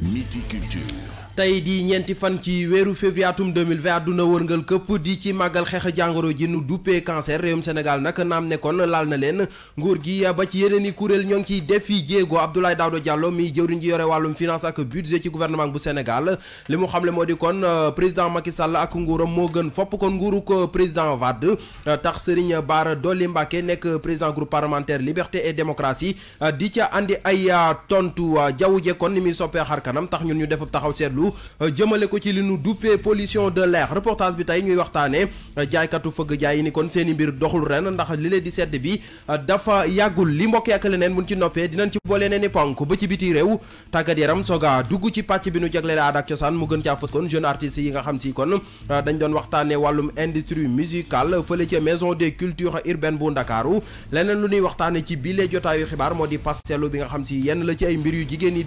Midi Culture. tay di ñenti fan ci wéru février atum 2020 àdduna wërngal këpp di ci magal xex jangoro ji nu dupé cancer réewum Sénégal nak naam kon laal na leen nguur gi ba ci yeneen kurel ñong ci défi djégo abdoulay fi Abdoulaye Diallo mi jëwriñ ji yoré walum finance ak budget ci gouvernement bu Sénégal limu xamlé modi kon euh, président Macky Sall ak nguuram mo gën fop kon nguuru ko président Wade euh, tax Serigne Bara Doli Mbacké nek président groupe parlementaire liberté et démocratie euh, di ca andi ay tontu jaww kon ni mi soppé xar kanam tax ñun ñu def taxaw sétlu addu euh, jëmale ko ci li nu duppee pollution de l'air reportage bi tey ñuy waxtaanee euh, jaaykatu fëgg jaay yi ni kon seen i mbir doxul ren ndax li di sedd bi euh, dafa yàggul li mbokk ak leneen mun noppee dinañ ci boole nee ni ponk ba ci biti réew tàggat yaram soga dugg ci pàcc bi nu jagleel aada ak cosaan mu gën caa fës kon jeune artistes yi nga xam si kon dañ doon waxtaanee wàllum industrie musicale fële ci maison des cultures urbaines bu Ndakaaru leneen lu ñuy di pastelu bi nga xam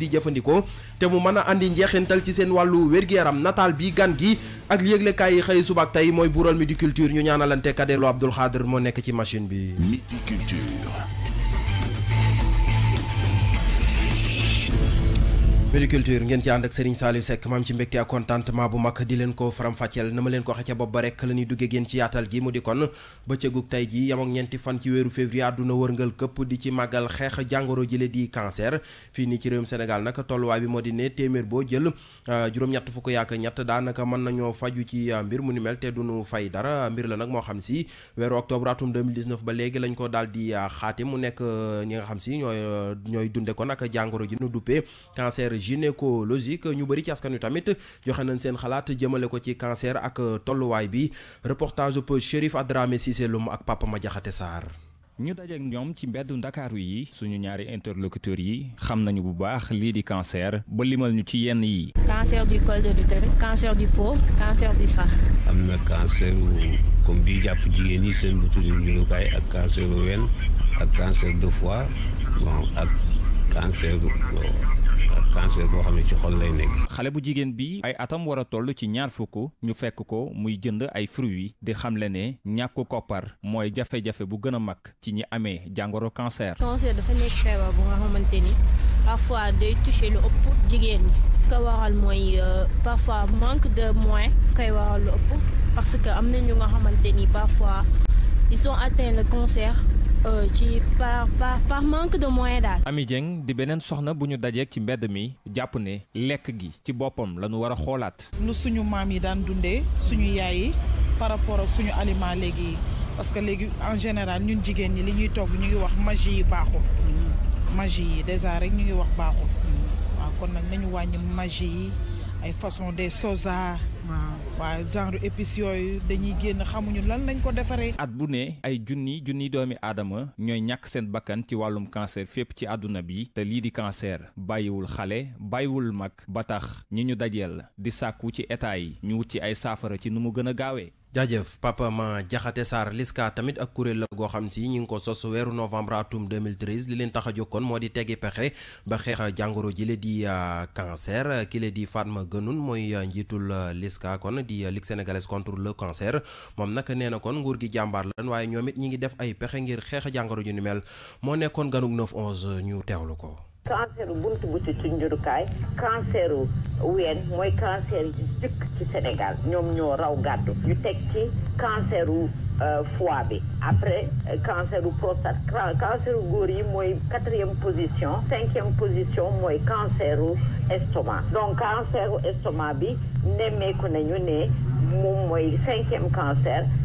di jëfandikoo te seen wàllu wér-gu-yaram nataal bi gan gi ak yëglekaay yi xëy suba ak tey mooy buural di Culture ñu ñaanalante Kader Lo Abdoul Xaadir moo nekk ci machine bi. Midi Pédiculture ngeen ci ànd ak Serigne Saliou Seck maam ci mbégte ak contentement bu mag di leen ko faram-fàcceel na ma leen ko waxee ca bopp ba rek la ñuy duggee ngeen ci yaatal gi mu di kon bëccëgug tey ji yam ak ñeenti fan ci weeru février àdduna màggal xeex jàngoro jële di cancer fii nii ci réewum Sénégal nag tolluwaay bi moo di téeméer boo jël euh, juróom-ñett fukk yaak ñett daanaka mën nañoo faju ci euh, mbir mu ni mel te duñu fay dara mbir la nag moo xam si weeru octobre atum 2019 ba léegi lañ ko daal di euh, xaati mu nekk ñi nga xam si ñooy ñooy dunde kon ak jàngoro ji nu duppee cancer gynécologique ñu bari ci askanu tamit joxe nañ seen xalaat jëmele ko ci cancer ak euh, tolluwaay bi reportage bu Chérif Adramé Cissé Loum ak Papa Madiakhaté sar ñu dajeek ñom ci mbéddu dakar yi suñu ñaari interlocuteurs yi xam nañu bu baax li di cancer ba limal ñu ci yenn yi. cancer du col de l'utérus cancer du pot cancer du sang am na cancer comme bii jàpp jigéen ñi seen butu njurukaay ak cancer wen ak cancer de foie bon ak cancer cancer boo xam ne ci xol lay nekk. xale bu jigéen bi ay atam war a toll ci ñaar fukk ñu fekk ko muy jënd ay fruits di xamle ne ñàkku koppar mooy jafe-jafe bu gën a mag ci ñi amee jangoro cancer. cancer dafa nekk feebar bu nga xamante ni parfois day toucher lu ëpp jigéen ñi. ko waral mooy euh, parfois manque de moyens koy waral lu ëpp parce que am na ñu nga xamante ni parfois ils ont atteint le cancer. Euh, ci par par par manque de moyens daal. Ami Dieng di beneen soxna bu ñu dajeeg ci mbedd mi jàpp ne lekk gi ci boppam la ñu war a xoolaat. lu suñu maam yi daan dundee suñu yaay yi par rapport ak suñu aliment léegi parce que léegi en général ñun jigéen ñi li ñuy togg ñu ngi wax magie yi baaxul. magie yi déjà rek ñu ngi wax baaxul. Mm. waaw kon nag nañu wàññi magie yi ay façon des sosa. waaw waaye genre épices yooyu dañuy génn xamuñu lan lañ ko defaree. at bu ne ay junni junni doomi aadama ñooy ñàkk seen bakkan ci wàllum cancer fépp ci àdduna bi te lii di cancer bàyyiwul xale bàyyiwul mag ba tax ñi ñu la di sàkku ci état yi ñu wut ci ay saafara ci ni mu gën a gaawee. jaajëf papa ma jaxate saar Liska tamit ak kuréel la goo xam si ñi ngi ko sos weeru novembre atum 2013 li leen tax a jokkoon moo di teggi pexe ba xeex jàngoro ji la di euh, cancer ki la di Fatma Guenoune mooy euh, njiitul euh, Liska kon di Ligue sénégalaise contre le cancer moom nag nee na kon nguur gi jàmbaar lan waaye ñoom it ñi ngi def ay pexe ngir xeex jàngoro ju ni mel moo nekkoon ganug 9 11 ñu teewlu ko. cancer bunt bu ci njurukaay cancer ween mooy cancer yi ci Sénégal ñoom ñoo raw gàddu yu teg ci cancer wu euh, foie bi après euh, cancer wu prostate cancer góor yi mooy quatrième position cinquième position mooy cancer wu estomac donc cancer wu bi nemmeeku nañu ne moom mooy cinquième cancer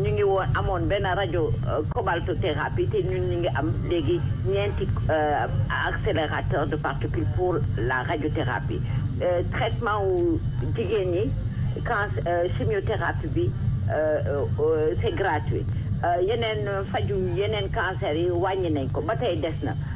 ñu ngi woon amoon benn rajo euh, thérapie. te ñun ñu ngi am léegi ñeenti euh, accélérateur de particules pour la radiothérapie euh, traitement wu jigéen ñi cancer chimiothérapie bi c'est gratuit yeneen faju yeneen cancer yi wàññi nañ ko ba tey des na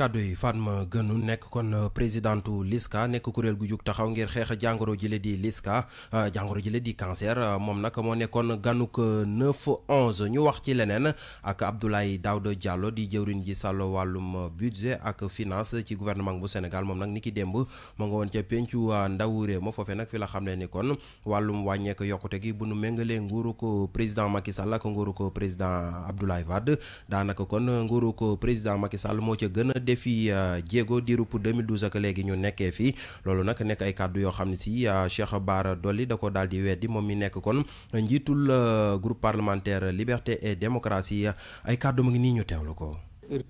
kàddu yi Fatma Gueye nekk kon euh, présidentu LISCA nekk kuréel gu jug taxaw ngir xeex jàngoro jile di LISCA euh, jàngoro jile di cancer euh, moom nag moo nekkoon ganuk 9 ñu wax ci leneen ak Abdoulaye Daouda Diallo di jëwriñ ji sàllo wàllum budget ak finance ci gouvernement bu Sénégal moom nag ni ki démb moo nga woon ca pencu ndawu réew ma foofee nag fi la xam ne ni kon wàllum wàññeek yokkute gi bu nu méngalee nguuru ko président Macky Sall ak nguuru ko président Abdoulaye defi Diego euh, jéego 2012 ak legi ñu nekké fi lolu nak nek ay cadeau yo xamni ci euh, Cheikh Bara Dolli dako daldi wéddi mom mi nekk kon njitul euh, groupe parlementaire liberté et démocratie ay cadeau mu ngi ni ñu tewlu ko.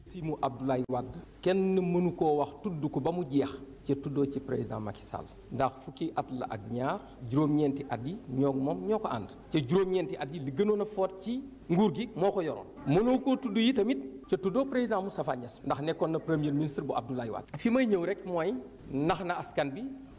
simu Abdoulaye Wade kenn mënu ko wax tuddu ko ba mu jeex ci tuddo ci président Macky Sall ndax fukki at la ak ñaar juroom ñenti at yi ñok mom ñoko and ci juroom ñenti at yi li gënon na ci nguur gi moko yoron mënu ko tuddu yi tamit. ca tuddoo président Moustapha Niass ndax nekkoon na premier ministre bu Abdoulaye Wade fi may ñëw rek mooy nax na askan bi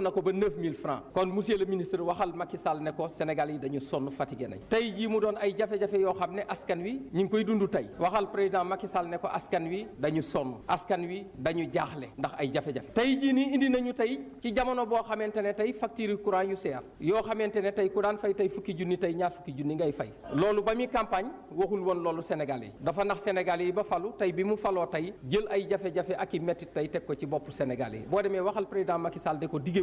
yokku na ko ba 9000 francs kon monsieur le ministre waxal Macky Sall ne ko Sénégal yi dañu sonn fatigué nañ tey jii mu doon ay jafe-jafe yoo wi ñu ngi koy ndax ay jafe-jafe tey jii nii indi nañu tey ci jamono boo xamante ne tey facture courant yu seer yoo xamante ne tey ku daan fay tey fukki junni tey ñaar fukki junni ngay fay loolu ba muy campagne waxul woon loolu Sénégal yi dafa nax Sénégal yi ba falu tey bi mu faloo tay jël ay jafe-jafe ak i métti tey teg ko ci bopp Sénégal yi boo demee waxal président Macky Sall de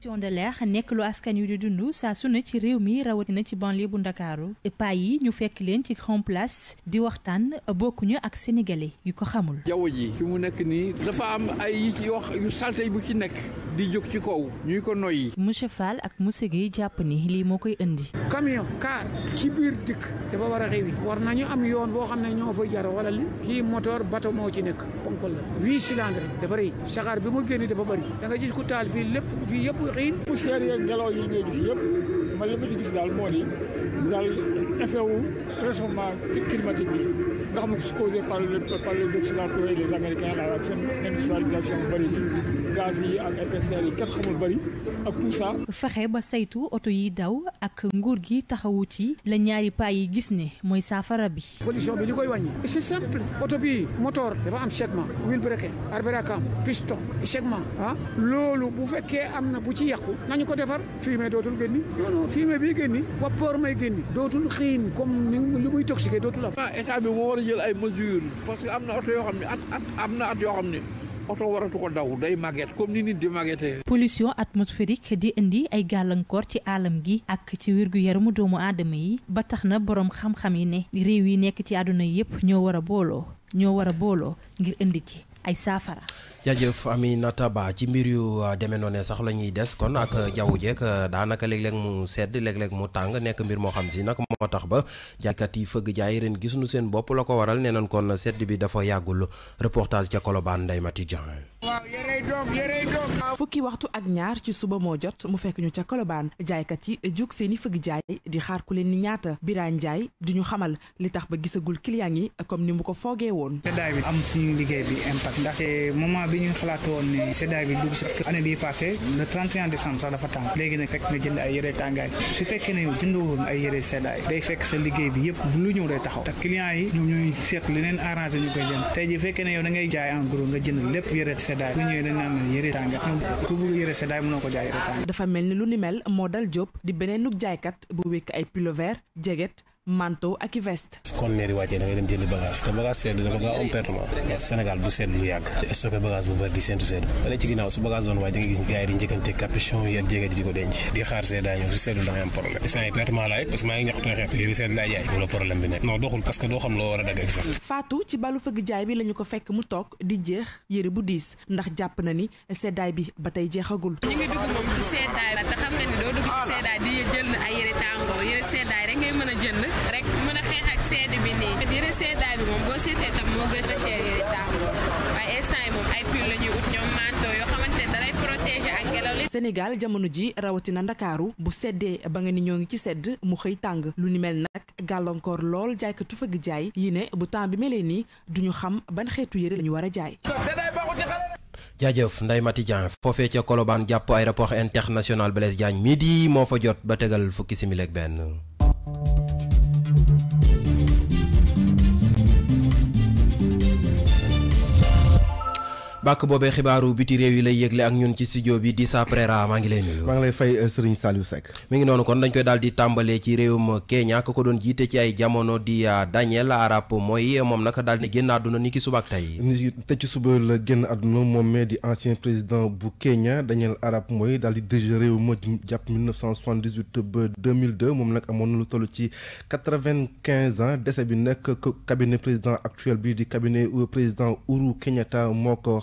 gestion de l'air nekk lu askan wi di dund saa su ne ci réew mi rawatina ci banlieue bu ndakaaru paa yi ñu fekk leen ci grand place di waxtaan bokkuñu ak sénégalais yi ko xamul. jaww ji fi mu nekk nii dafa am ay yoo yu salte bu ci nekk di jóg ci kaw ñuy ko noyyi. monsieur Fall ak monsieur Guèye jàpp ni lii moo koy indi. camion car ci biir dëkk dafa war a xewi war nañu am yoon boo xam ne ñoo fay jar wala li kii moteur bateau moo ci nekk ponkol la huit cylindres dafa xiin poussière yeeg ngelaw yi ngay gis yëpp man li ma ci gis daal moo di daal effet wu réchauffement climatique bi nga xam ne causé par par les Occidentaux et les Américains ak seen industrialisation bëri bi gaz yi ak effet yi kenn xamul bëri ak tout fexe ba saytu oto yi daw ak nguur gi taxawu ci la ñaari paa yi gis ne mooy saafara bi. pollution bi li koy wàññi c'est simple oto bi moteur dafa am segment huile brequet arbéracam piston segment ah. loolu bu fekkee am na bu ci yàqu nañu ko defar fumier dootul génni non non fumier génni vapeur may génni dootul xiin comme li muy toxique a ay mesures parce am na oto yoo xam ne at at am na at yoo xam ne oto waratu ko daw day màgget comme ni nit di màggetee. pollution atmosphérique di indi ay gàllankoor ci alam gi ak ci wér-gu-yaramu doomu aadama yi ba tax na boroom xam-xam yi ne réew yi nekk ci àdduna yépp ñoo war a booloo ñoo war a booloo ngir indi ci. ay saafara. jaajëf Aminata Ba ci mbir yu uh, demee noonu sax la ñuy des kon ak uh, jaww jeeg uh, daanaka léeg-léeg mu sedd léeg mu tàng nekk mbir moo xam si nag moo tax ba jaaykat yi fëgg jaay ren gisuñu seen bopp la ko waral nee nañ kon sedd bi dafa yàggul reportage ca Colobane Ndeye Mati Dieng waaw yërey doom yërey doom fukki waxtu ak ñaar ci suba moo jot mu fekk ñu ca Colobane jaaykat yi jóg seen i fëgg jaay di xaar ku leen ni ñaata Birane Ndiaye di ñu xamal li tax ba gisagul client yi comme ni mu ko foogee woon seddaay bi am suñu liggéey bi impact ndaxte moment bi ñu xalaat woon ne seddaay bi dugg si parce que année bii passé le 31 décembre sax dafa tàng léegi nag fekk nga jënd ay yëre tàngaay su fekkee ne yow jënd woon ay yëre seddaay day fekk sa liggéey bi yëpp lu ñëw day taxaw te client yi ñoom ñooy seet leneen fekkee ne ngay jaay en gros nga jënd seddaay bu ñëwee dañ naan la yëre tàng ku bëgg yëre seddaay mënoo ko jaay yëre tàng dafa mel ni lu ni mel moo dal Diop di beneenug jaaykat bu wékk ay pull-over jeget manteau ak i veste. su conteneur yi wàccee dem jëli bagage te bagage sedd dafa gaaw am pertement Sénégal du sedd lu yàgg stocké bagage bu bari di sedd wala jaay wala problème bi nekk non doxul parce doo xam loo war a dagg exact Fatou ci balu fëgg jaay bi la ñu ko fekk mu toog di jeex yëre bu diis ndax jàpp na ni seddaay bi ba tey jeexagul ñu ngi dugg moom ci seddaay la te xam na ni doo dugg ci seddaay Sénégal jamono ji rawatina ndakaaru bu seddee ba nga ni ñoo ngi ci sedd mu xëy tàng lu ni mel nag gàllankoor lool jaaykatu fëgg jaay yi ne bu temps bi melee nii ñu xam ban xeetu yëre lañu war a jaay jaajëf Ndeye Mati Dieng foofee ca Colobane jàpp aéroport international Blaise Diagne midi moo fa jot ba tegal fukki simili ak benn bàkk bobé xibaaru biti réew yi lay yëgle ak ñun ci studio bi di sa prera maa ngi lay nuyu. ma ngi lay fay euh, Serigne Saliou Seck. mi ngi nonu kon dañ koy daldi tambalé ci réewum Kenya ka ko doon jité ci ay jamono di euh, Daniel Arap Moi mom nag daldi di génn àdduna ni ki suba te ci suba la génn àdduna di ancien président bu Kenya Daniel Arap Moi daldi di diriger japp 1978 ba 2002 mom nak amon lu tollu ci 95 ans décès bi nak cabinet président actuel bi di cabinet euh, président Uhuru Kenyatta moo ko.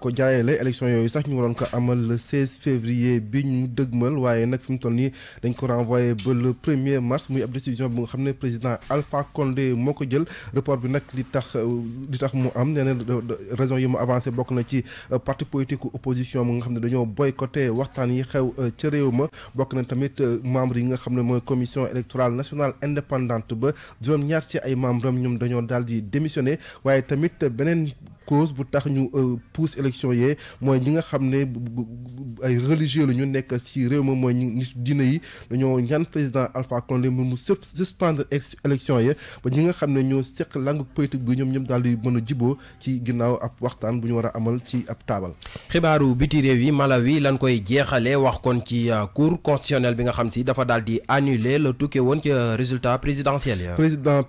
ko jaayalee élection yooyu sax ñu waroon ko amal le 16 février bi ñu dëgmal waaye nag fi mu toll nii dañ ko renvoyé ba le 1er mars muy ab décision bi nga xam ne président Alpha Condé moo ko jël report bi nag li tax li tax mu am nee na raison yi mu avancé bokk na ci euh, parti politique opposition mu nga xam ne dañoo boycotté waxtaan yi xew euh, ca réew ma bokk na tamit euh, membre yi nga xam ne mooy commission électorale nationale indépendante ba juróom-ñaar ci ay membres am ñoom dañoo daal di démissionné waaye tamit beneen cause bu tax ñu euh, pousse élection yee mooy ñi nga xam ne ay religieux la nekk si réew ma mooy ñi diine yi dañoo ñaan président Alpha Condé mu mu suspendre élection yi ba ñi nga xam ne ñoo seq langue politique bi ñoom ñoom daal di a jiboo ci ginnaaw ab waxtaan bu ñu war a amal ci ab taabal. xibaaru biti réew yi Malawi lan koy jeexalee wax kon ci euh, cour constitutionnelle bi nga xam si dafa daal di annuler la tukkee woon ci résultat présidentiel ya président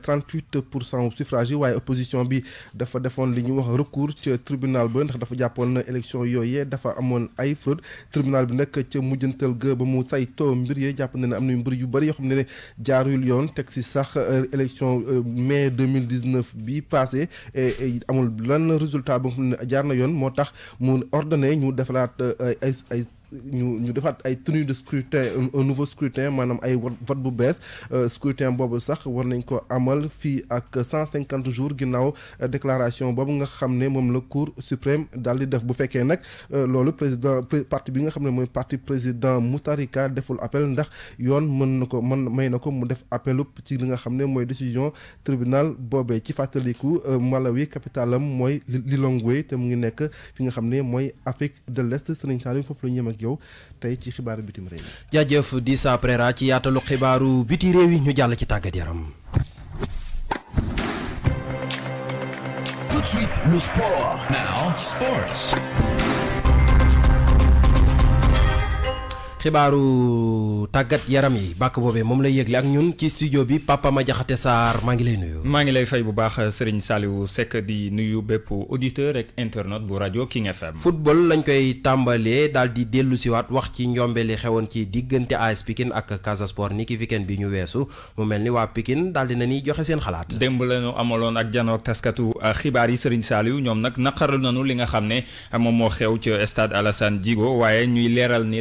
38% huit pour suffrage opposition bi dafa defoon li wax recours ci tribunal bi ndax dafa jàppoon élection yooyee dafa amone ay fraude tribunal bi nag ci mujjantal ga ba mu to mbir ye jàpp na am na mbir yu bari yo xamné jaarul yoon teg sax euh, élection euh, mai 2019 bi passé amul lan résultat boo xam ne jaar na yoon moo mu ordonné ñu defalaat euh, ay nous ñu defaat ay tenue de scrutin un nouveau scrutin madame ay vote bu bees euh, scrutin boobu sax war nañ ko amal fi ak 150 jours ginnaaw euh, déclaration boobu nga xam mom le cour suprême d'aller di def bu fekkee nag euh, loolu président parti bi nga xam parti président Moutarika deful appel ndax yon mën nako ko may nako ko mu def appelu ci li nga xam ne décision tribunal boobee ci coup Malawi capitalam mooy Lilongwe te mu ngi nekk fi nga xam ne Afrique de l'Est Serigne Saliou foofu la ak yow ci xibaaru bitim di sa prera ci yaatalu xibaaru biti réew yi ñu ci yaram tout de suite le sport now sports xibaaru tàggat yaram yi bàkk boobee moom lay yëgle ak ñun ci studio bi Papa jaxate Sarr maa ngi lay nuyu. maa ngi lay fay bu baax Serigne Saliou Seck di nuyu bépp auditeur ak internaute bu rajo King FM. football lañ koy tàmbalee daal di dellu siwaat wax ci njombe li xewoon ci diggante AS Pikine ak Casa ni ki weekend bi ñu weesu mu mel ni waa Pikine daal di nañuy joxe seen xalaat. démb lañu amaloon ak janook taskatu uh, xibaar yi Serigne Saliou ñoom nag naqarlu nañu li nga xam ne uh, moom xew ci stade Alassane Djigo waaye ñuy leeral ne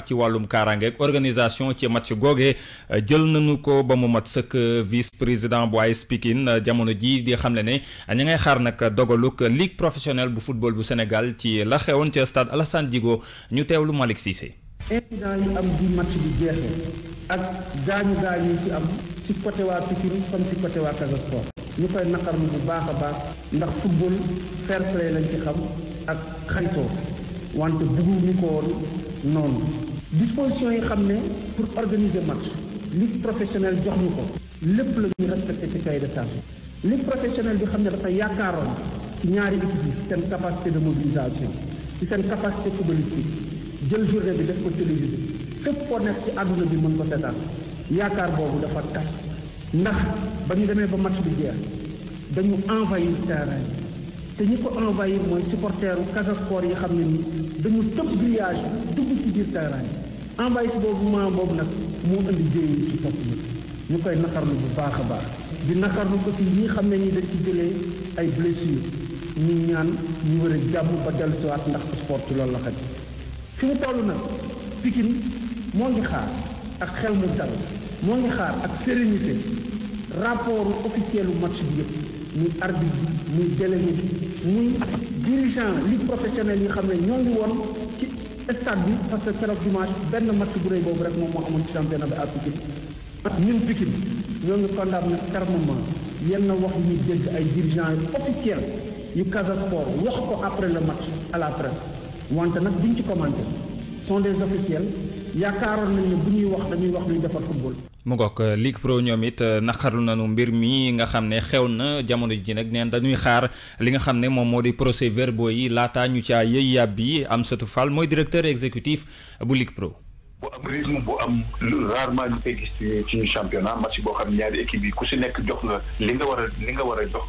waar ci wàllum kaaraangeeg organisation ci match googee euh, jël nañu ko ba mu mat sëkk euh, vice président bu AS Pikine euh, jamono ji di xamle ne ña ngay xaar nag dogaluk ligue professionnelle bu football bu Sénégal ci la xewoon ca stade Alassane Djigo ñu teewlu lu Cissé. incident yi am di match ak gaañu gaañu ci am ci côté waa Pikine ci côté waa ñu koy naqarlu bu baax a baax ndax football fair play ci xam ak xaritoo wante buggu ñu ko noonu disposition yi xam ne pour organiser match ligue professionnelle jox ñu ko lépp la ñuy respecté ci cahier de charge ligue professionnelle bi xam ne dafa yaakaaroon ci ñaari équipe yi seen capacité de mobilisation ci seen capacité footballistique jël journée bi def ko télévisé fépp koo nekk ci àdduna bi mën ko seetaan yaakaar boobu dafa tas ndax ba ñu demee ba match bi jeex dañu envahir terrain te ñi ko envoyé mooy supporteru Casa-Sport yi xam ne ni dañu tëb grillage dugg ci biir terrain bi boobu moment boobu nag moo indi jëye ci topp ñu koy naqarlu bu baax a baax di naqarlu ko ci ñi xam ne ni dañ ci jëlee ay blessure ñu ñaan ñu wër a jàmm ba dellusiwaat ndax sport ci loolu la xaj fi mu toll nag Pikine moo ngi xaar ak xel mu dal moo ngi xaar ak sérénité rapport officiel match bi yëpp muy arbitre muy délégué muy dirigeant ligue professionnel yi xam ne ñoo ngi woon ci stade bi parce que keroog dimanche benn match bu rëy boobu rek moom moo amoon ci championnat bi afrique Pikine ñun Pikine ñoo ngi condamné fermement yenn wax yi dégg ay dirigeants yu officiels yu Casa Sport wax ko après le match à la presse wante nag duñ ci commenté sont des officiels yaakaaroon nañ ne bu ñuy wax dañuy wax luy defar football mu ngoog euh, Ligue Pro ñoom it euh, naqarlu nañu mbir mii nga xam ne xew na jamono ji nag neen dañuy xaar li nga xam ne moom moo di procès verbaux yi laata ñu caa yëy yàbbi Amsatou Fall mooy directeur exécutif bu Ligue Pro. bu am rythme bu am rarement ñu koy gis ci ci championnat match boo xam ne ñaari équipe yi ku si nekk jox nga li nga war a li nga war a jox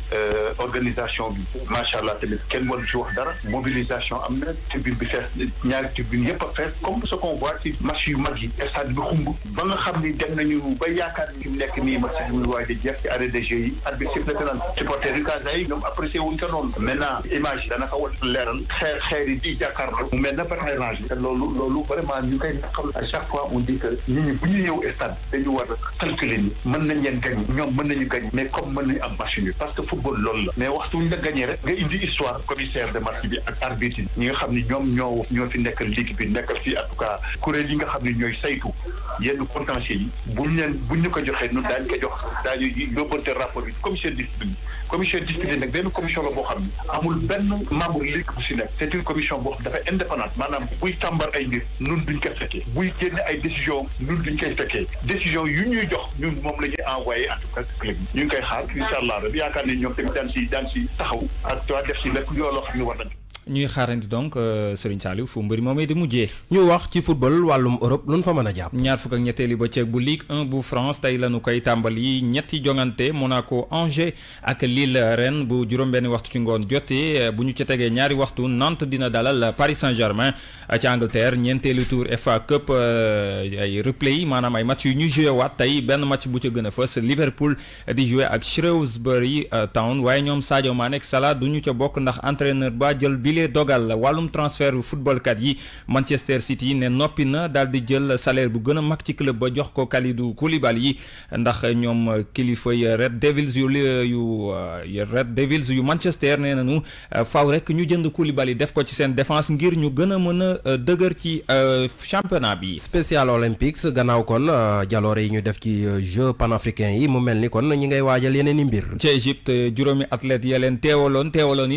organisation bi macha allah tamit kenn waru si wax dara mobilisation am na tribune bi fees ñaari tribune yëpp a fees comme ce qu'on voit ci match yu mag yi stade bi xumb ba nga xam ni dem nañu ba yaakaar ni mu nekk nii match bi muy waaj a jeex ci arrêt de jeu yi arbitre sifflé na naan supporter yu Casa yi ñoom apprécié wuñ ko noonu maintenant image dana ko war leeral xeer xeer yi di jàkkaarloo mu mel na par exemple te loolu loolu vraiment ñu koy xam chaque fois on dit que nit bu ñu ñëw stade dañu war a calculer ni mën nañ leen gañ ñoom mën nañu gañ mais comme mën nañu am machine nul parce que football lool la mais waxtu ñu la gañee rek nga indi histoire commissaire de match bi ak arbitre ñi nga xam ni ñoom ñoo ñoo fi nekk ligue bi nekk fi en tout cas kuréel yi nga xam ne ñooy saytu yenn contentieux yi bu leen buñ ñu ko joxee ñun daañu ko jox yoo yóbbante rapport bi commissaire discipline commission discipline nag benn commission la boo xam ne amul benn membre ligue bu si nekk c'est une commission boo xam dafa indépendante maanaam buy tàmbar ay mbir ñun duñ koy fekkee buy génne ay décision ñun duñ koy fekkee décision yu ñuy jox ñu moom la ñuy envoyé en tout cas club ñu ngi koy xaar incha allah yaakaar ne ñoom tamit daan si daan si taxaw ak def si lépp yoo loo xam ne war nañ ñuy xaarandi donc euh, Serigne Saliou fu mbëri moomee di mujjee. ñu wax ci football wàllum Europe lu nu fa mën a jàpp. ñaar fukk ak ñetteeli bëccëg bu Ligue 1 bu France tey la ñu koy tàmbali ñetti jongante Monaco Angers ak Lille Rennes bu juróom-benn waxtu ci ngoon jotee euh, bu ñu ci tegee ñaari waxtu nant dina dalal Paris Saint-Germain euh, ci Angleterre ñeenteelu tour FA Cup ay replay maanaam ay match yu ñu joué waat tey benn match bu ca gën fa fës Liverpool di joué ak Shrewsbury Town waaye ñoom Sadio Mané ak bile dogal wàllum transfert footballkat yi Manchester City ne noppi na daal di jël salaire bu gën a mag ci club ba jox ko Kalidou Koulibaly yi ndax ñoom kilifa yu Red Devils yu yu Red Devils yu Manchester nee nañu faw rekk ñu jënd yi def ko ci seen défense ngir ñu gën a mën a euh, dëgër ci euh, championnat bi. Special Olympics gannaaw kon euh, jaloore yi ñu def ci jeux panafricains yi mu mel ni kon ñi ngay waajal yeneen i mbir. ci Égypte juróomi athlètes ya leen teewaloon teewaloon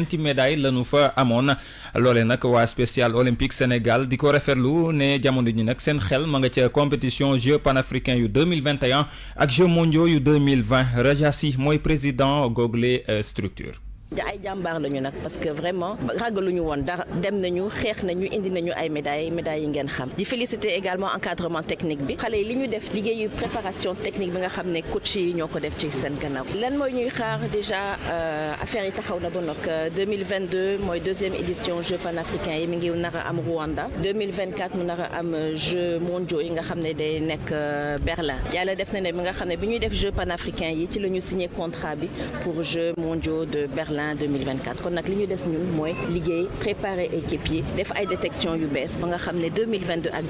ñeenti médaille la ñu fa amone lolé spécial olympique Sénégal diko ko referlu né jamono ñi nak seen xel ma nga compétition jeux panafricains yu 2021 ak jeux mondiaux yu 2020 Rajasi, moy président google euh, structure ay jambar lañu nak parce que vraiment ragaluñu woon dara dem nañu xeex nañu indi nañu ay médailles médailles yi ngeen xam di féliciter également encadrement technique bi xalé yi li ñu def liggéeyu préparation technique bi nga xam ne coach yi ñoko def ci seen gannaaw lan moy ñuy xaar déjà euh, affaire yi taxaw na ba nag euh, 2022 mooy deuxième édition jeux panafricains yi mi ngi nar am Rwanda 2024 mu nar am jeux mondiaux yi nga xam ne day nek euh, Berlin yalla def na ne bi nga xam ne bi ñuy def jeux panafricains yi ci la signer contrat bi pour jeux mondiaux de Berlin l'an 2024 kon nak liñu dess ñun moy liggéey préparer équipe yi def ay détection yu bees ba nga xamné 2022 ak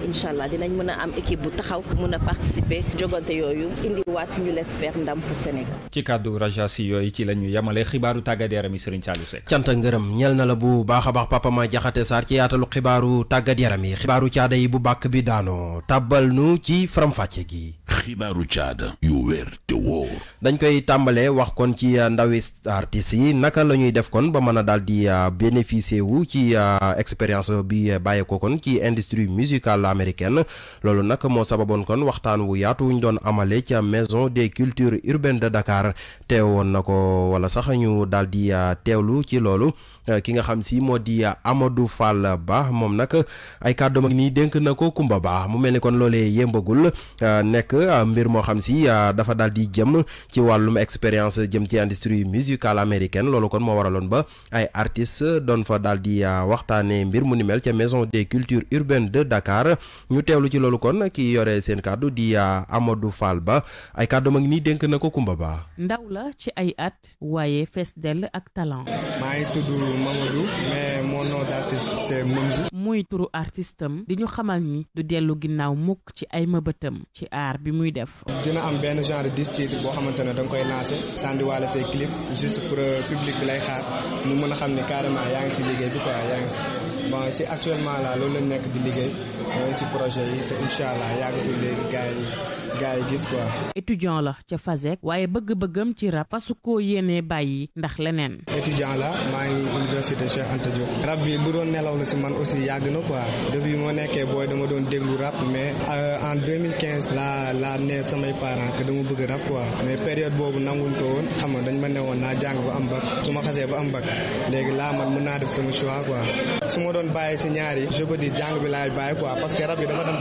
2024 Inshallah. dinañ mëna am équipe bu taxaw mëna participer jogonté yoyu indi waat ñu l'espère ndam pour Sénégal. ci kàddu raja si yooyu ci lañu yamalé xibaaru tàggat yaram Serigne Saliou Seck. cianta ak ngërëm na la bu baax baax Papa Ma jaxaté sar ci yaatalu xibaaru tàggat yaram xibaaru caada yi bu bak bi daano tàbbal nu ci faram-fàcce gi. xibaaru caada yu wër te wóor. dañ koy tambalé wax kon ci ndawé artiste si naka la def kon ba mën a daal di euh, bénéficier wu ci euh, expérience bi bàyyeekoo kon ci industrie musicale américaine loolu nag moo sababoon kon waxtaan wu yaatu wuñ doon amale ca maison des cultures urbaines de Dakar teewoon nako ko wala sax ñu daal di euh, teewlu ci loolu ki nga xam si moo di Amadou Fall Ba moom nag ay kàddoom ak nii dénk na ko Kumba Ba mu mel kon loolee yëmbagul nekk mbir moo xam si dafa daal di jëm ci walum expérience jëm ci industrie musicale américaine loolu kon moo waraloon ba ay artistes doon fa daal di euh, waxtaanee mbir mu ni mel maison des cultures urbaines de Dakar ñu teewlu ci loolu kon ki yore seen kàddu di euh, Amadou Fall ba ay kàddu mag nii dénk na ko Kumba Ba. ndaw la ci ay at waaye fees dell ak talent. maa ngi tudd Mamadou mais mon nom d'artiste c'est Mumzi. muy turu artiste di ñu xamal ni du dellu ginnaaw mukk ci ay mëbëtam ci aar bi muy def. dina am benn genre disque boo xamante ne danga koy lancer sandiwaale say clip juste pour. public bi lay xaar ñu mën a xam ne carrément yaa ngi si liggéey bi quoi yaa ngi si bon si actuellement là loolu lañ nekk di liggéey mooy si projet yi te incha allah yàggatul léegi gars yi gars yi gis quoi. étudiant la ca FASEG waaye bëgg-bëggam ci rab fasu koo yéenee bàyyi ndax leneen. étudiant la maa ngi université Cheikh Anta Diop. rab bi bu doon nelaw la si man aussi yàgg na quoi depuis moo nekkee booy dama doon déglu rab mais euh, en 2015 laa laa ne samay parents que dama bëgg rab quoi mais période boobu nanguñ ko woon xam nga dañ ma ne woon naa jàng ba am bac su ma xasee ba am bac léegi laa man mën naa def sama choix quoi su ma doon bàyyi si ñaari je peux dire jàng bi laay bàyyi quoi parce que rab bi dama dem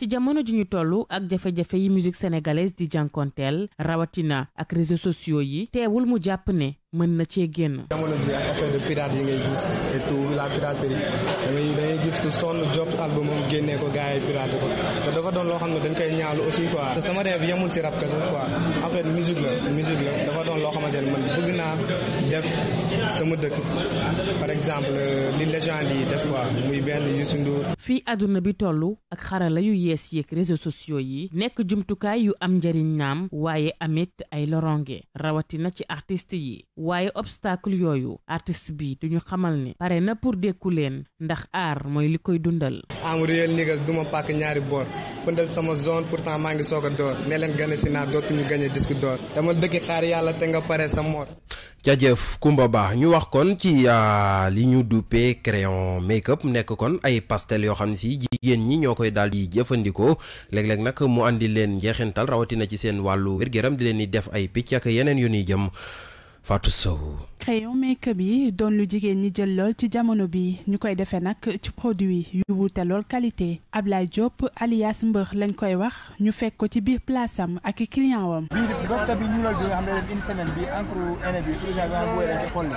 ci jamono ji toll ak jafe-jafe yi musique sénégalaise di jànkonteel rawatina ak réseaux sociaux yi teewul mu jàpp ne mën na cee génn. jamono ji ak affaire de pirate yi ngay gis et tout la piraterie dangay dangay gis ku sonn job albumam génnee ko gars yi pirate ko te dafa doon loo xam ne dañ koy ñaalu aussi quoi. te sama rêve yemul si ci kese quoi en fait musique la musique la dafa naa def sama dëkk par exemple euh, li légende yi def quoi muy benn Youssou Ndour. fii àdduna bi tollu ak xarala yu yees yeeg réseaux sociaux yi nekk jumtukaay yu am njëriñ naam waaye amit ay loronge rawatina ci artist yi. waaye obstacle yooyu artiste bi duñu xamal ni pare na pour dékku leen ndax aar mooy li koy dundal. am réel nigas duma pàkk ñaari boor pëndal sama zone pourtant maa ngi soog a door ne leen gane si naa dootuñu gagné disque d'or dama dëkk xaar yàlla te nga pare sa mor. jaajëf Kumba baax ñu wax kon ci ah, li ñu duppee crayon make-up nekk kon ay pastel yoo xam ne si jigéen ñi ñoo koy daal di jëfandikoo léeg-léeg nag mu indi leen njeexintal rawatina ci seen wàllu wér gu di leen di def ay picc yeneen yu ñuy jëm. for to sow crayon make-up yi doon lu jigéen ñi jël lool ci jamono bi ñu koy defee nag ci produit yu wuute lool qualité Ablaye Diop alias Mbeur lañ koy wax ñu fekk ko ci biir place ak client wam bii bokk xam semaine bi encre bi urgent bi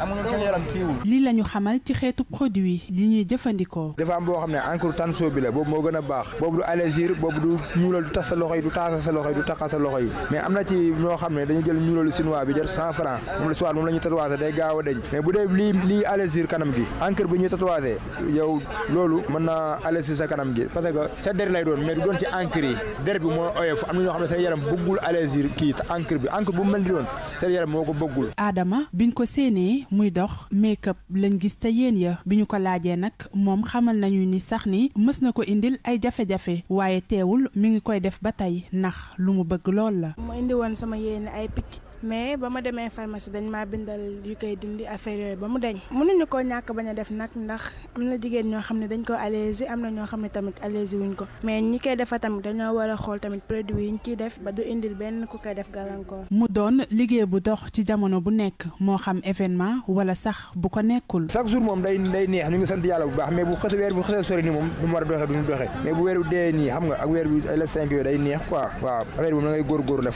am nga lii la ñu xamal ci xeetu produit li ñuy jëfandikoo dafa am boo xam ne encre tanso bi la boobu moo gën a baax boobu du allergie boobu du ñuulal du tas sa loxo yi du taasa sa loxo yi du taqa sa loxo yi mais am na ci ñoo xam ne dañu jël ñuulal lu chinois bi jar cent franc moom la soit moom la ñuy tatouage day gaaw a deñ mais bu dee lii lii kanam gi encre bi ñuy tatouage yow loolu mën na allergir sa kanam gi parce que sa der lay doon mais du doon ci encre yi der bi moo oyof am na ñoo xam ne seen yaram bëggul allergir kii te encre bi encre bu mel ni doon seen yaram moo ko bëggul Adama biñ ko séenee muy dox make up lañ gis te yéen ya bi ñu ko laajee nag moom xamal nañu ni sax ni mës na ko indil ay jafe waaye teewul mi ngi koy def ba tey ndax lu mu bëgg lool la indi woon sama yéene ay picc mais ba ma demee pharmacie dañ maa bindal yu koy dindi affaire yooyu ba mu deñ mënuñu koo ñàkk bañ a def nag ndax am na jigéen ñoo xam ne dañ ko allergie am na ñoo xam ne tamit allergie wuñ ko mais ñi koy defa tamit dañoo war a xool tamit produit yi ñu koy def ba du indil benn ku koy def gàllankoor. mu doon liggéey bu dox ci jamono bu nekk moo xam événement wala sax bu ko nekkul. chaque jour moom day neex ñu ngi sant yàlla bu baax mais bu xasee moom du a bu weer bi dee nii xam nga ak weer bi ay la cinq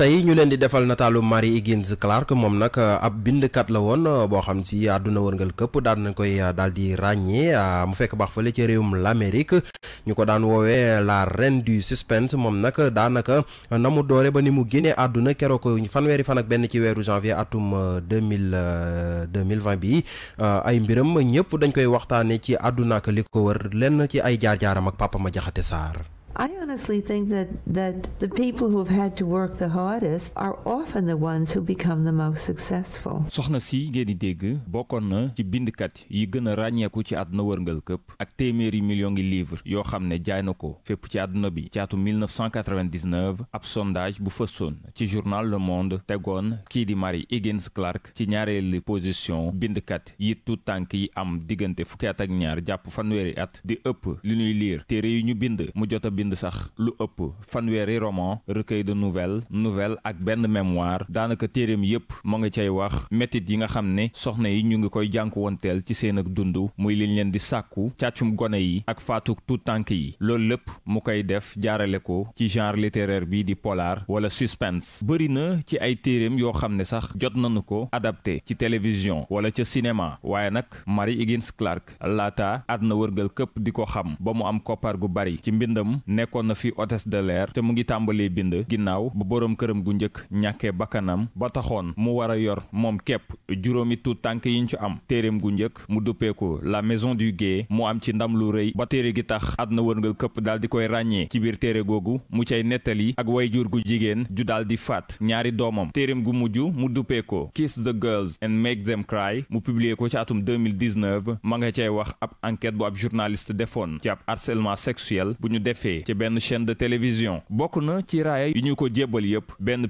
tey ñu leen di defal nataalu Mary Higgins Clark moom nag uh, ab bindkat la woon uh, boo xam si àdduna wërngal këpp daan na koy uh, daal di ràññee mu fekk baax fële ci réewum l'Amérique ñu ko daan woowee la reine du suspense moom nag daanaka na mu doore ba ni mu génnee àdduna keroog fanweeri fan ak benn ci weeru janvier atum deux mille deux mille vingt bi ay mbiram ñëpp dañ koy waxtaanee ci àdduna ak li ko wër lenn ci ay jaar-jaaram ak Papa Madiakhate Sarr. I honestly think that, that the people who have had to work the hardest are often the ones who become the most successful. soxna si ngeen di dégg bokkoon na ci bindkat yi gën a ràññeeku ci àdduna wërngal këpp ak téeméeri million ngi livre yoo xam jaay na ko ci àdduna bi ci atu 1999 ab sondage bu fësoon ci journal Le Monde Tegon, kii di Mary Higgins Clark ci ñaareelu position bindkat yi tuut tànk yi am Digente, fukki at ak ñaar jàpp fanweeri at di ëpp li ñuy liir téere yi ñu bind mu jot bind sax lu ëpp fanweeri roman recueil de nouvelles nouvelle ak benn mémoire daanaka téeréem yépp mu nga cay wax métit yi nga xam ne soxna yi ñu ngi koy jànkuwanteel ci seen ak dund muy liñ leen di sàkku càccum gone ak faatuk tout yi loolu lépp mu koy def jaarale ko ci genre littéraire bi di polar wala suspense bëri na ci ay téeréem yoo xam sax jot nañu ko adapté ci télévision wala ca cinéma waaye nag Marie Higgins Clark l'ata àdduna wërgal këpp di ko xam ba am koppar gu bari ci nekkoon na fi hôtesse de l'air te mu ngi tàmbalee bind ginnaaw ba boroom këram gu njëkk ñàkkee bakkanam ba taxoon mu war a yor moom képp juróomi tuut tànk yi ñu ci am téereem gu njëkk mu duppeekoo la maison du guet mu am ci ndam lu rëy ba téere gi tax àdduna wërngal këpp daal di koy ràññee ci biir téere googu mu cay nettali ak way jur gu jigéen ju daal di faat ñaari doomam téereem gu mujj mu duppeekoo ko Kiss the Girls and Make Them Cry mu publier ko ci atum 2019 ma nga cay wax ab enquête ab journaliste defoon ci ab harcèlement sexuel bu ñu defee ci chaîne de télévision bokk na ci raaya yi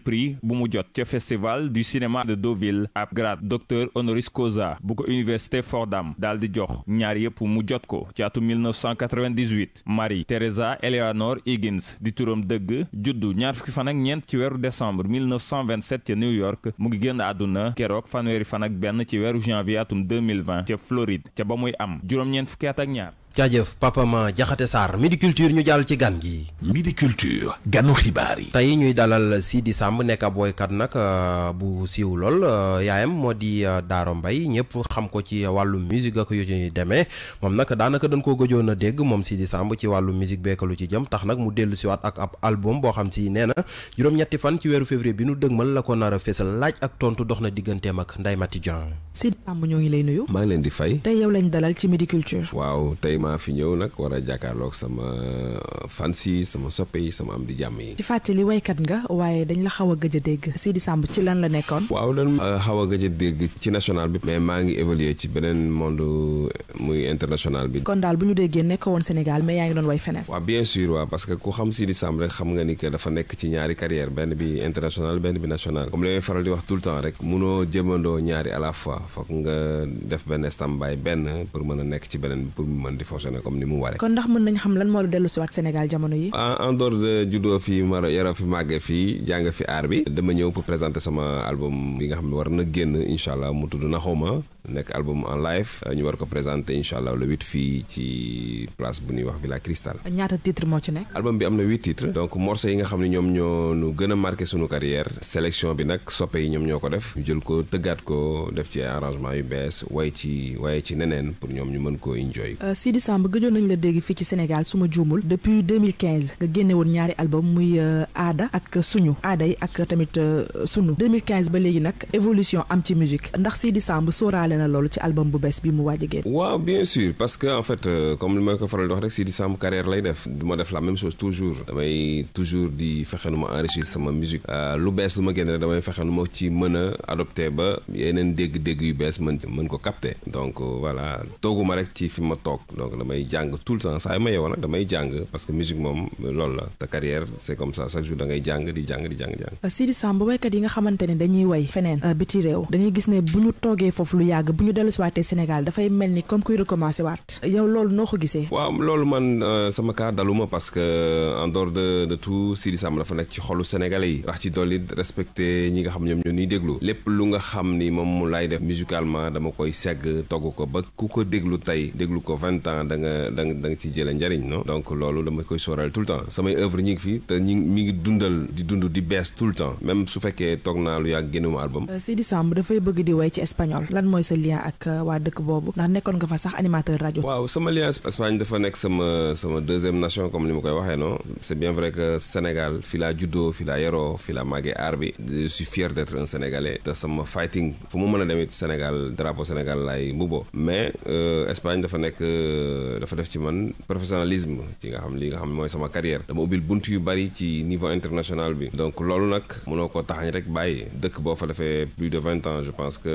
prix bu festival du cinéma de Deauville ab grade docteur honoris causa bu ko université Fordham D'Al di jox ñaar yépp mu jot ko ci 1998 Marie Teresa Eleanor Higgins Diturum turam dëgg juddu ñaar fukki fan ak ci décembre 1927 New York mu aduna Kerok. àdduna keroog fanweeri fan ak ci janvier atum 2020 ca Floride ca ba muy am juróom-ñeent fukki at ak jaajëf papa ma jaxate Sarr midi culture ñu jàll ci gan gi. midi culture ganu xibaar yi. tey ñuy dalal Sidi Samb nekk ab woykat nag euh, bu siiw lool euh, yaayam moo di euh, Daaro Mbaye ñëpp xam ko ci wàllu musique ak yu ci demee moom nag daanaka dañ koo gëjoon a dégg moom Sidi Samb ci wàllu musique beekalu ci jëm tax nag mu dellu si waat ak ab album boo xam si nee na juróom-ñetti fan ci weeru février bi nu dëgmal la ko nar a laaj ak tontu dox na digganteem ak Ndeye Mati Dieng. Sidi Samb ñoo ngi lay nuyu. maa ngi leen di fay. dalal ci midi culture. ma fi ñew nak wara jakarlo sama eh, fancy, sama soppe sama am di jammi eh, ci fatali way kat nga waye dañ la xawa a gëj a dégg Sidi Samb ci lan la nekkon waaw lan xawa a dégg ci national bi mais ma ngi évoluer ci benen monde eh, muy international bi kon dal bu ñu déggee nekk won Sénégal mais yaa ngi way fenen wa bien sûr wa, parce que ku xam Sidi Samb rek xam nga ni que dafa nekk ci ñaari carrière benn bi international benn bi national comme lay faral di wax tout temps rek mëno jëmandoo ñaari à la fois foog nga def benn by benn pour mëna nekk ci benen pour mëna fonctionné comme ni mu waree. kon ndax mën nañ xam lan moo la dellu si waat Sénégal jamono yi. Ah, en dehors de juddoo fi ma fi màggee fi jàng fi aar bi. dama ñëw pour présenter sama album bi nga xam ne war na génn incha allah mu tudd Naxoma nekk album en live euh, ñu war ko présenter incha allah le huit fii ci place bu ñuy wax Villa Cristal. ñaata titre moo ci nekk. album am na huit titres. donc morceaux yi xam ne ñoom ñoo nu gën a marqué sunu carrière. sélection bi nag soppe yi ñoom ñoo ko def. ñu jël ko tëggaat ko def ci arrangement yu bees way ci waye ci neneen pour ñoom ñu mën koo enjoy. Euh, Seydi Samb nañ la dégg fii ci Sénégal suma ma juumul depuis 2015 nga génne woon ñaari album muy euh, Ada ak suñu Ada yi ak tamit euh, sunu 2015 ba léegi nak évolution am ci musique ndax Seydi Samb sóoraale na loolu ci album bu bees bi mu waaj a génn waaw bien sûr parce que en fait euh, comme li ma ko faral di wax rek Seydi Samb carrière lay def du ma def la même chose toujours damay toujours di fexe nu ma enrichir sama musique lu bees lu ma génn rek damay fexe nu ma ci mën a adopté ba yeneen dégg-dégg yu bees mën mën ko capté donc voilà tooguma rek ci fi ma toog donc damay jàng tout le temps saa yu ma yeewoo nag damay jàng parce que musique moom loolu la ta carrière c' est comme ça chaque jour da ngay jàng di jàng di jàng jàng. Euh, Sidi Samb waykat yi nga xamante ne dañuy way feneen euh, biti réew da ngay gis ne bu ñu toogee foofu lu yàgg bu ñu dellu si waatee Sénégal dafay mel ni comme kuy recommencé waat yow loolu noo ko gisee. waaw loolu man euh, sama cas daluma parce que en dehors de de tout Sidi Samb dafa nekk ci xolu Sénégalais yi rax ci dolli respecté ñi nga xam ñoom ñoo ñuy déglu lépp lu nga xam ni moom mu def musicalement dama koy segg togg ko ba ku ko déglu tey déglu ko vingt ans temps da nga da nga da nga ciy jëlee njariñ non donc loolu dama koy sóoraale tout le temps samay œuvre ñi fi te ñi ngi dundal di dund di bees tout le temps même su fekkee toog naa lu yàgg génnuma album euh, Sidi Samb dafay bëgg di way ci espagnol lan mooy sa lien ak euh, waa dëkk boobu ndax nekkoon nga fa sax animateur rajo waaw sama lien Espagne dafa nekk sama deuxième nation comme ni ma koy waxee non c'est bien vrai que Sénégal fi laa juddoo fi laa yaroo fi laa màggee a dafa def ci man professionnalisme ci nga xam li nga xam mooy sama carrière dama ubbil bunt yu bari ci niveau international bi donc loolu nak mënoo ko taxañ rek bàyyi dëkk boo fa defee plus de 20 ans je pense que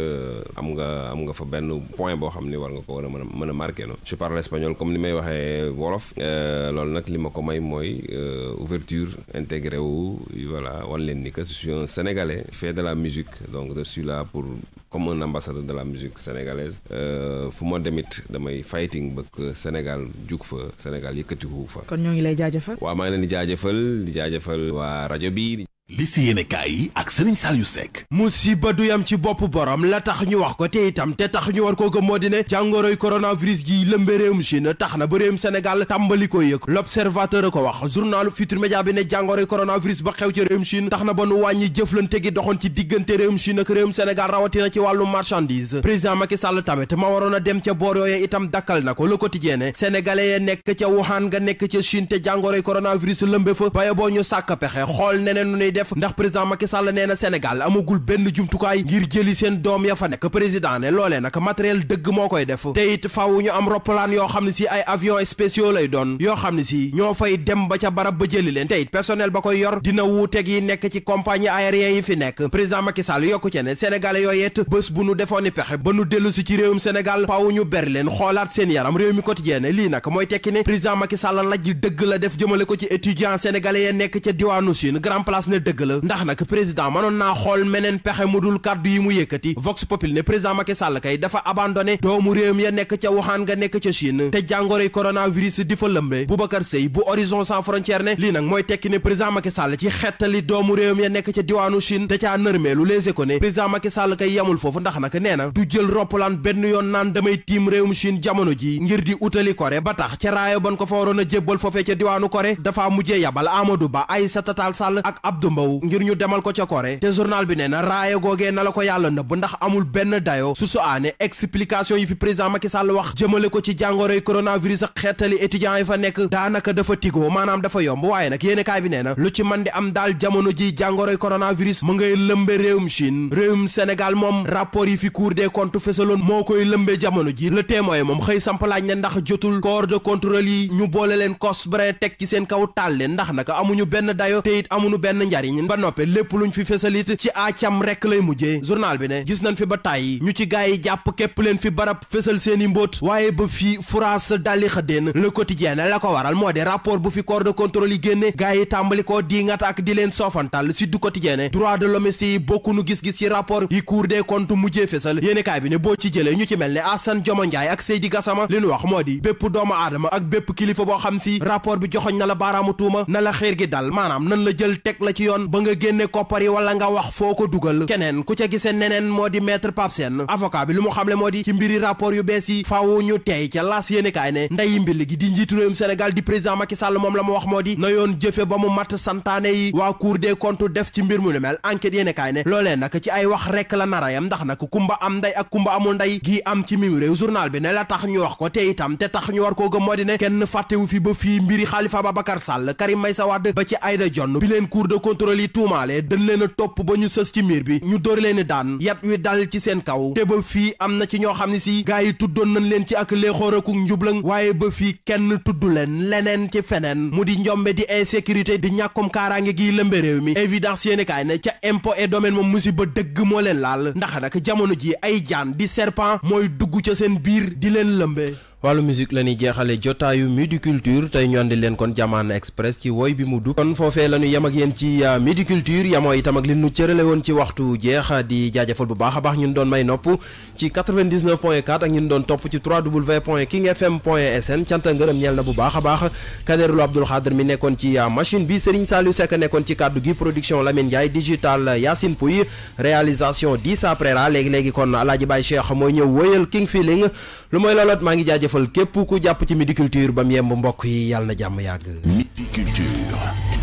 am nga am nga fa benn point boo xam ni war nga ko war a mën a marqué no je parle espagnol comme ni may waxee wolof euh, loolu nag li ma ko may mooy euh, ouverture intégré ou voilà wan leen ni que je suis un sénégalais fait de la musique donc je suis là pour comme un ambassadeur de la musique sénégalaise euh, fu ma demit damay fighting bëgg Sénégal jug fa Sénégal yëkkati wu fa. kon ñoo ngi lay jaajëfal. waa maa ngi leen di jaajëfal di jaajëfal waa rajo bi. li si yéene kaay yi ak Serigne Saliou Seck musiba du ci bopp borom la tax ñu wax ko te itam te tax ñu war koo gëm moo di ne jàngoroy coronavirus gi lëmbe réewum Chine tax na ba réewum Sénégal tàmbali ko yëg l'observateur a ko wax journalu Futurs Médias bi ne jàngoroy coronavirus ba xew ci réewum Chine tax na ba nu wàññi jëflante gi doxoon ci diggante réewum Chine ak réewum Sénégal rawatina ci wàllu marchandise président Macky Sall tamit ma waroon a dem ca boor yooye itam dakkal na ko Le Quotidien nekk ca Wuhan nga nekk ca Chine te jàngoroy coronavirus lëmbe fa baye boo ñu def ndax président Macky Sall nee na Sénégal amagul benn jumtukaay ngir jëli seen doom ya fa nekk président ne loolee nag matériel dëgg moo koy def te it faaw ñu am roppalaan yoo xam ne si ay avion spéciaux lay doon yoo xam ne si ñoo fay dem ba ca barab ba jëli leen te it ba koy yor dina wuuteeg yi nekk ci compagnie aérienne yi fi nekk président Macky Sall yokku ci ne Sénégalais yooyu it bés bu nu defoon ni pexe ba nu dellu si ci réewum Sénégal faaw ñu ber leen xoolaat seen yaram réew mi quotidien lii nag mooy tekki ne président Macky Sall lajj dëgg la def jëmale ko ci étudiant sénégalais ya nekk ca diwaanu Sine dëgg la ndax nag président mënoon naa xool meneen pexe mu dul kàddu yi mu yëkkati Vox Populi ne président Macky Sall kay dafa abandonné doomu réewam ya nekk ca Wuhan nga nekk ca Chine te jàngoroy coronavirus di fa lëmbe Boubacar bu Horizon sans frontières ne lii nag mooy tekki ne président Macky Sall kay yemul foofu ndax nag nee na du jël roppalaan benn yoon naan damay tiim réewum Chine jamono ji ngir di utali Corée ba tax ca raayo ban ko fa waroon a jébbal mbaw ngir ñu demal ko ca Corée te journal bi nee na raaya googee nala ko yàlla na bu ndax amul benn dayo su su aane explication yi fi président Macky Sall wax jëmale ko ci jàngoroy coronavirus ak xeetali étudiants yi fa nekk daanaka dafa tigoo maanaam dafa yomb waaye nag yéene kaay bi nee na lu ci man di am daal jamono ji jàngoroy coronavirus mu ngay lëmbe réewum Chine réewum Sénégal moom rapport yi fi cour des comptes fesaloon moo koy lëmbe jamono ji le témoin moom xëy sampalaaj ne ndax jotul corps de contrôle ñu boole leen cos bre teg ci seen kaw taal ndax naka amuñu benn dayo te it amuñu benn njariñ njariñ ba noppe lépp luñ fi fësalit ci aacam rekk lay mujjee journal bi ne gis nañ fi ba tàyyi ñu ci gaay yi jàpp képp leen fi barab fësal seeni mbóot waaye ba fii France dali xëddéen le quotidien la ko waral moo di rapport bu fi corps de contrôle yi génne gaay yi tàmbali koo diingat ak di leen soofantal si du quotidien ne droit de l'homme yi bokkunu gis-gis ci rapport yi cour des comptes mujjee fësal yéeni bi ne boo ci jëlee ñu ci mel ne yoon ba nga génne koppar yi wala nga wax foo ko dugal keneen ku ca gisee neneen moo di maître Pape Sène avocat bi lu mu xamle moo di ci mbiri rapport yu bees yi faaw ñu tey ca laas yéenekaay ne ndeyi mbil gi di njiitu réewum Sénégal di président Macky Sall moom la mu wax moo di na yoon jëfe ba mu mat santaane yi waa Cour des comptes def ci mbir mu ni mel enquête yéenekaay ne loolee nag ci ay wax rekk la nara yam ndax nag kumba am nday ak kumba amul nday gi am ci mim réew journal bi ne la tax ñu wax ko te itam te tax ñu war koo moo di ne fàttewu fi ba fii mbiri Khalifa Babacar ba ci Aïda Dione bi leen Cour des comptes contrôle yi tuumaale dañ leen a topp ba ñu sës ci miir bi ñu door leen daan yat wi dal ci seen kaw te ba fii am na ci ñoo xam ne si gaa yi tuddoon nañ leen ci ak léexoor akuk njublaŋ waaye ba fii kenn tuddu leen leneen ci feneen mu di njombe di insécurité di ñàkkum kaaraange gi lëmbe réew mi évidence yéeni kaay ne ca impôt et domaine moom musiba dëgg moo leen laal ndax nag jamono ji ay jaan di serpent mooy dugg ca seen biir di leen lëmbe wàllu musique la jeexale jotaayu Midi Culture tey ñu leen kon Jamaana Express ci woy bi mu du kon foofee la ñu ak yéen ci euh, Midi Culture yamoo itam ak li nu cërale ci waxtu jeex di jaajëfal bu baax a baax ñun doon may nopp ci 99 point 4 doon topp ci king fm sn canta ngërëm ñeel na bu baax a baax kadeerulu Abdoul mi nekkoon ci euh, machine bi Serigne Saliou Seck nekkoon ci kàddu gi production Lamine Ndiaye digital euh, Yacine Pouy réalisation Dissa Prera jaajëfal képp ku jàpp ci midi culture ba mu yemb mbokk yi yàlla na jàmm yàgg. midi culture.